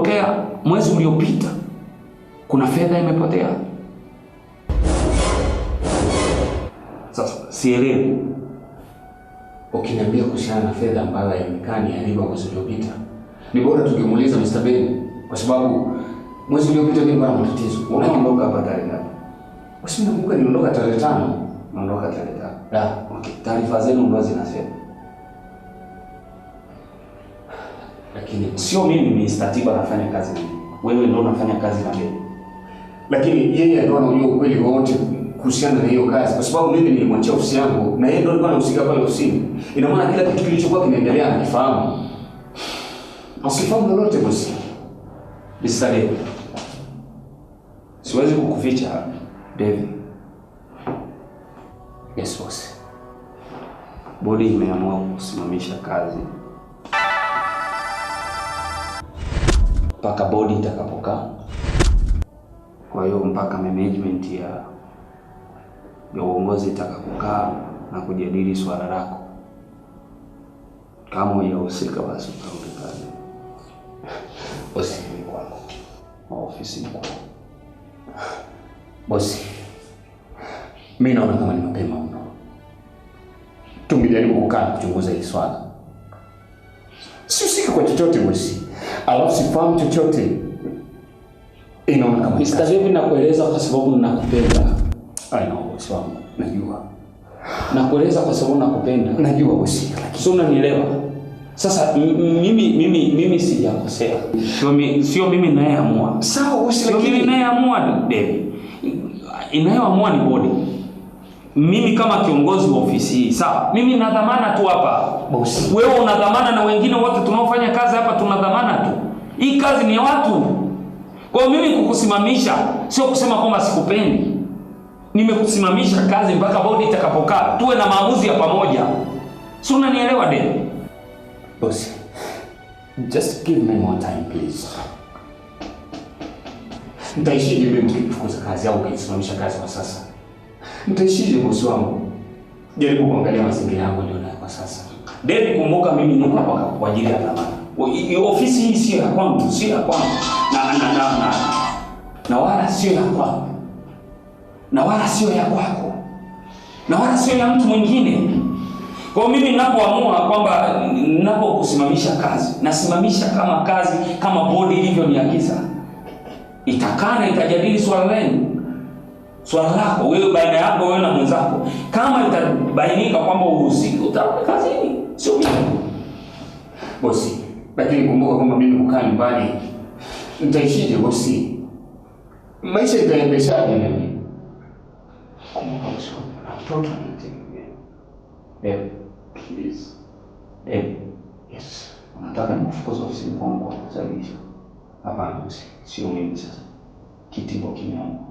kutokea mwezi uliopita kuna fedha imepotea. Sasa sielewi ukiniambia kuhusiana na fedha ambayo haionekani aliba yaani mwezi uliopita, ni bora tukimuuliza Mr. Ben kwa sababu mwezi uliopita mimi bana matatizo. Unaondoka hapa tarehe ngapi? Usinikumbuka niondoka tarehe tano, naondoka tarehe tano. Da, okay. Taarifa zenu ndo zinasema lakini sio mimi mistatiba nafanya kazi na wewe, ndio unafanya kazi na mimi, lakini yeye ndio anajua ukweli wote kuhusiana na hiyo kazi, kwa sababu mimi nilimwachia ofisi yangu na yeye ndio alikuwa anahusika pale ofisini. Ina maana kila kitu kilichokuwa kinaendelea anakifahamu, asifahamu lolote. Bosi Bisale, siwezi kukuficha Devi. Yes bosi, bodi imeamua kusimamisha kazi mpaka bodi itakapokaa. Kwa hiyo mpaka management ya ya uongozi itakapokaa na kujadili swala lako, kama hujahusika basi utaondoka bosi. Ni kwangu maofisi ni kwangu bosi. Mimi naona kama ni mapema mno, tungejaribu kukaa kuchunguza hili swala, sihusiki kwa chochote bosi alafu sifahamu chochote, inaona kama nistavivi. Nakueleza kwa sababu I know bosi wangu, najua nakueleza kwa sababu nakupenda, najua bosi, lakini sio, unanielewa? Sasa mimi mimi mimi sijakosea, sio mimi, sio mimi naye amua, sawa bosi, lakini naye amua, Devi inayoamua ni bodi mimi kama kiongozi wa ofisi hii sawa, mimi na dhamana tu hapa bosi, wewe una dhamana na wengine wote tunaofanya kazi hapa tuna dhamana tu. Hii kazi ni watu. Kwa mimi kukusimamisha sio kusema kwamba sikupendi, nimekusimamisha kazi mpaka bodi itakapokaa tuwe na maamuzi ya pamoja, si unanielewa? De bosi, just give me more time please. Nitaishi mimi mkitukuza kazi au ukisimamisha kazi kwa sasa Nitaishije bosi wangu? Jaribu kuangalia mazingira yako leo na kwa sasa. Then kumbuka mimi niko hapa kwa ajili ya dhamana. Ofisi hii si ya kwangu, sio ya kwangu. Na na na na. Na wala sio ya kwangu. Na wala sio ya kwako. Na wala sio ya mtu mwingine. Kwa mimi ninapoamua kwamba ninapokusimamisha kazi, nasimamisha kama kazi kama bodi ilivyoniagiza. Itakana itajadili swala lenu swala lako wewe baina yako wewe na mwenzako, kama itabainika kwamba uhusiki, utarudi kazini, sio mimi bosi. Lakini kumbuka kwamba mimi kukaa nyumbani nitaishije bosi? Maisha itaendeshaje mimi? Kumbuka bosi, mtoto anategemea. Babe, eh, please. Babe, eh, yes. Unataka nikufukuze ofisini kwangu kwa kusababisha? Hapana, sio mimi sasa. Kitimbo kimeanguka.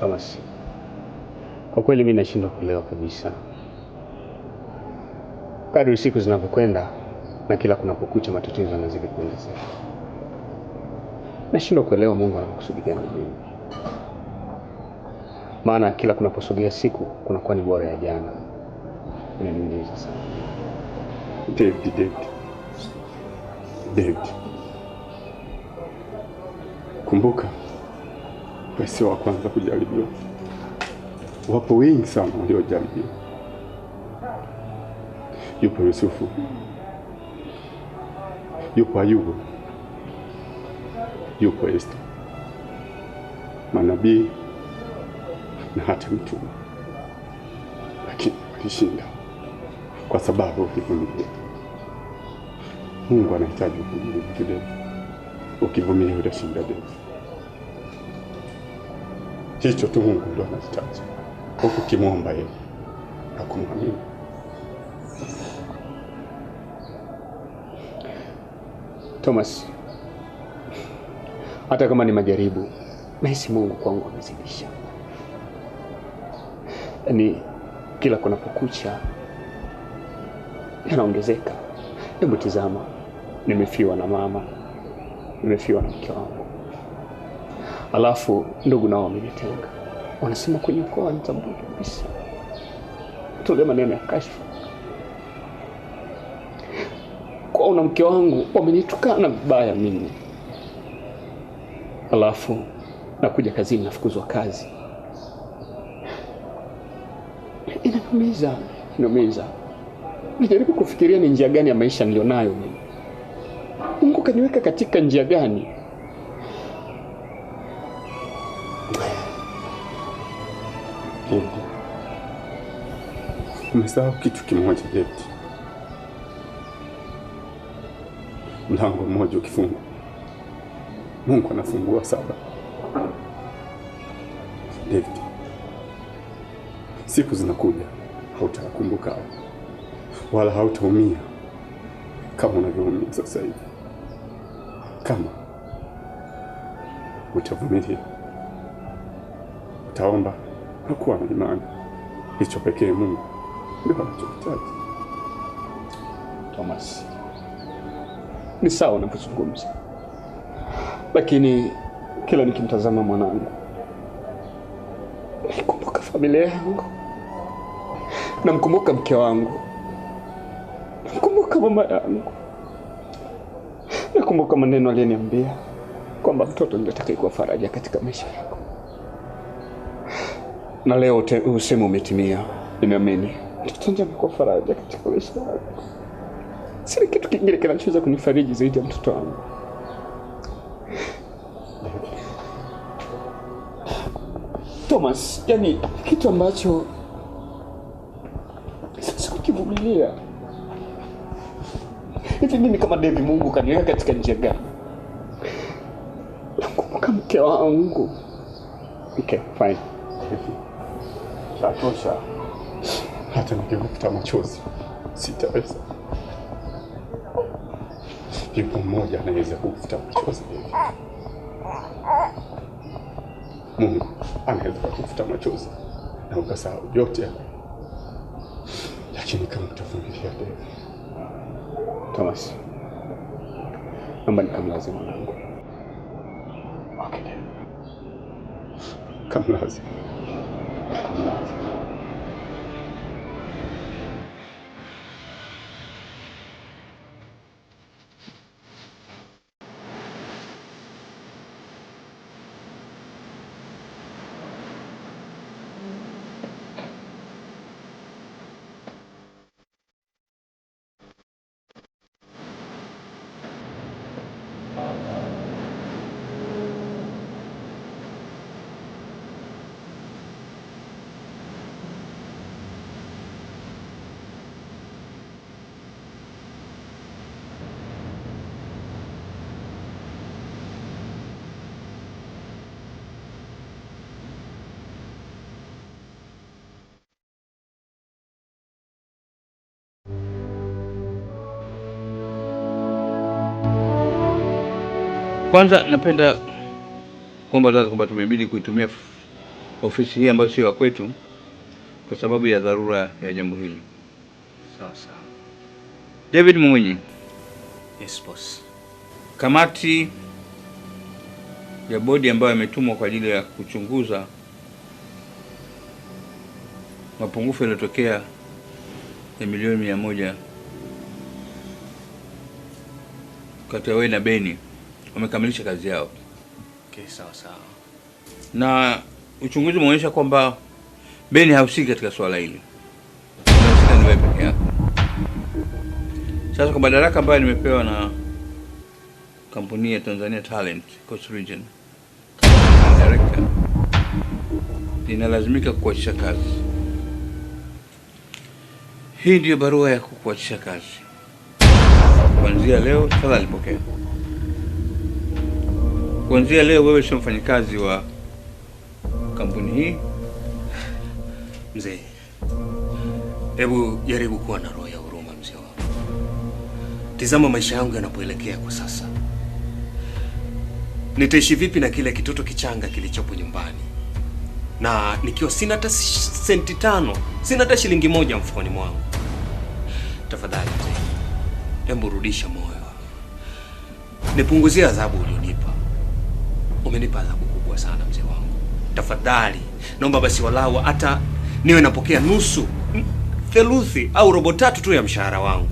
Thomas, kwa kweli mimi nashindwa kuelewa kabisa. Kadri siku zinavyokwenda na kila kunapokucha, matatizo yanazidi kuongezeka. Nashindwa kuelewa Mungu anakusudi gani mimi, maana kila kunaposogea siku kunakuwa ni bora ya jana. Unaniuliza sana David, David, David, kumbuka wewe sio wa kwanza kujaribiwa. Wapo wengi sana waliojaribiwa. Yupo Yusufu, yupo Ayubu, yupo Esta, manabii na hata mtume, lakini walishinda kwa sababu ulivumilia. Mungu anahitaji uvumilie kidogo, ukivumilia utashinda David. Hicho tu Mungu ndio anahitaji, huku kimwomba yeye na kumwamini. Thomas, hata kama ni majaribu, nahisi Mungu kwangu amezidisha. Yaani kila kunapokucha yanaongezeka. Hebu tizama, nimefiwa na mama, nimefiwa na mke wangu alafu ndugu nao wamejitenga, wanasema kwenye ukoo wanitambui kabisa, tuge maneno ya kashfa kwao na mke wangu wamenitukana vibaya mimi, alafu nakuja kazini nafukuzwa kazi. inaumiza, inaumiza. Nijaribu kufikiria ni njia gani ya maisha nilionayo mimi. Mungu kaniweka katika njia gani? Nimesahau kitu kimoja Jeti. Mlango mmoja ukifungwa, Mungu anafungua saba. David, siku zinakuja hautakumbuka wala hautaumia kama unavyoumia sasa hivi, kama utavumilia, utaomba na kuwa na imani. Hicho pekee Mungu ndio Thomas, ni sawa unapozungumza, lakini kila nikimtazama mwanangu nikumbuka familia yangu, namkumbuka mke wangu, namkumbuka mama yangu, nakumbuka maneno aliyeniambia kwamba mtoto ndio atakayekuwa faraja katika maisha yako, na leo usemu umetimia. Nimeamini kitu kwa faraja katika maisha yangu. Sina kitu kingine kinachoweza kunifariji zaidi ya mtoto wangu. Thomas, yani kitu ambacho kukivumilia Hivi mimi kama Devi, Mungu kaniweka katika njia gani? Nakumbuka mke wangu. Okay, fine. Chatosha hata nikivuta machozi sitaweza. Yupo mmoja anaweza kuvuta machozi hivi, Mungu anaweza kuvuta machozi na ukasahau yote, lakini kama utavumilia Devi. Thomas, naomba nikamlaze mwanangu. Okay, Devi, kamlaze, kamlaze. Kwanza napenda kuomba sasa kwamba tumebidi kuitumia ofisi hii ambayo sio ya kwetu kwa sababu ya dharura ya jambo hili. Sawa sawa. David Mwinyi. Yes, boss. Kamati ya bodi ambayo imetumwa kwa ajili ya kuchunguza mapungufu yaliyotokea ya milioni mia moja kati ya wewe na Beni wamekamilisha kazi yao. Okay, sawa sawa. Na uchunguzi umeonyesha kwamba Beni hahusiki katika swala hili, unahusika ni wewe peke yako. Sasa kwa madaraka ambayo nimepewa na kampuni ya Tanzania Talent Coast Region director, ninalazimika kukuachisha kazi. Hii ndiyo barua ya kukuachisha kazi. Kuanzia leo, tafadhali pokea. Kuanzia leo wewe sio mfanyakazi wa kampuni hii. Mzee, hebu jaribu kuwa na roho ya huruma mzee wangu. Tizama maisha yangu yanapoelekea kwa sasa. Nitaishi vipi na kile kitoto kichanga kilichopo nyumbani, na nikiwa sina hata senti tano, sina hata shilingi moja mfukoni mwangu? Tafadhali mzee, hebu rudisha moyo, nipunguzie adhabu ulio umenipa adhabu kubwa sana mzee wangu. Tafadhali naomba basi walau hata niwe napokea nusu mm, theluthi au robo tatu tu ya mshahara wangu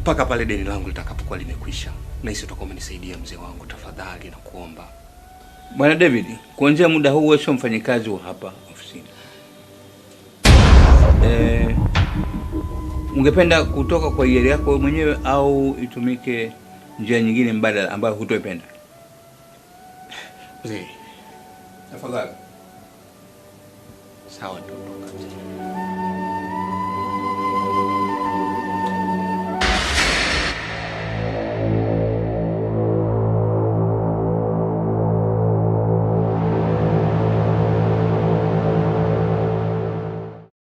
mpaka pale deni langu litakapokuwa limekwisha. hisi utakuwa umenisaidia mzee wangu, tafadhali kuomba Bwana David, kuanzia muda huu wewe sio mfanyikazi wa hapa ofisini. Eh, ungependa kutoka kwa hiari yako mwenyewe au itumike njia nyingine mbadala ambayo hutoipenda? Ji I forgot. Salad.